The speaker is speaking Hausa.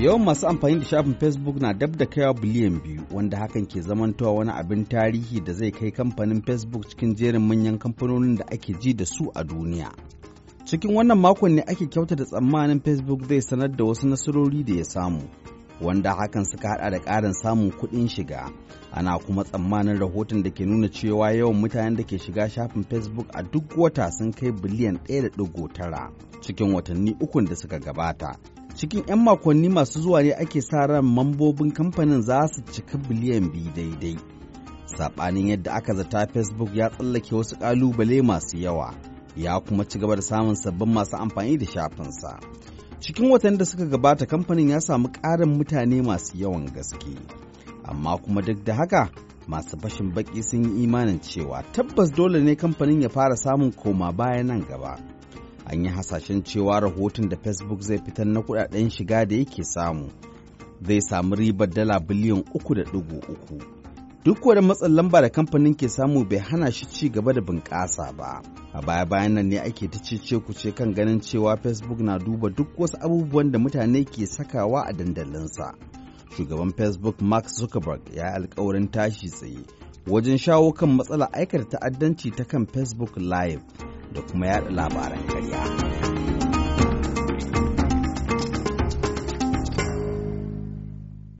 Yawan masu amfani da shafin Facebook na dab da kaiwa biliyan biyu wanda hakan ke zamantowa wani abin tarihi da zai kai kamfanin Facebook cikin jerin manyan kamfanonin da ake ji da su a duniya. Cikin wannan makon ne ake kyautata tsammanin Facebook zai sanar da wasu nasarori da ya samu. wanda hakan suka hada da karin samun kuɗin shiga ana kuma tsammanin rahoton da ke nuna cewa yawan mutanen da ke shiga shafin facebook a duk wata sun kai biliyan 1.9 cikin watanni ukun da suka gabata cikin 'yan makonni masu zuwa ne ake sa ran mambobin kamfanin za su cika biliyan biyu daidai saɓanin yadda aka zata facebook ya tsallake wasu ƙalubale masu yawa ya kuma ci gaba da samun sabbin masu amfani da shafinsa cikin watan da suka gabata kamfanin ya samu ƙarin mutane masu yawan gaske amma kuma duk da haka masu fashin baƙi sun yi imanin cewa tabbas dole ne kamfanin ya fara samun koma baya nan gaba an yi hasashen cewa rahoton da facebook zai fitar na kudaden shiga da yake samu zai samu ribar dala biliyan uku da dugu uku duk wani matsin lamba da kamfanin ke samu bai hana shi ci gaba da bunƙasa ba a baya bayan nan ne ake ta cece kuce kan ganin cewa facebook na duba duk wasu abubuwan da mutane ke sakawa a dandalinsa shugaban facebook mark zuckerberg ya yi alkawarin tashi tsaye wajen shawo kan matsalar aikata ta'addanci ta kan facebook live da kuma yada labaran karya.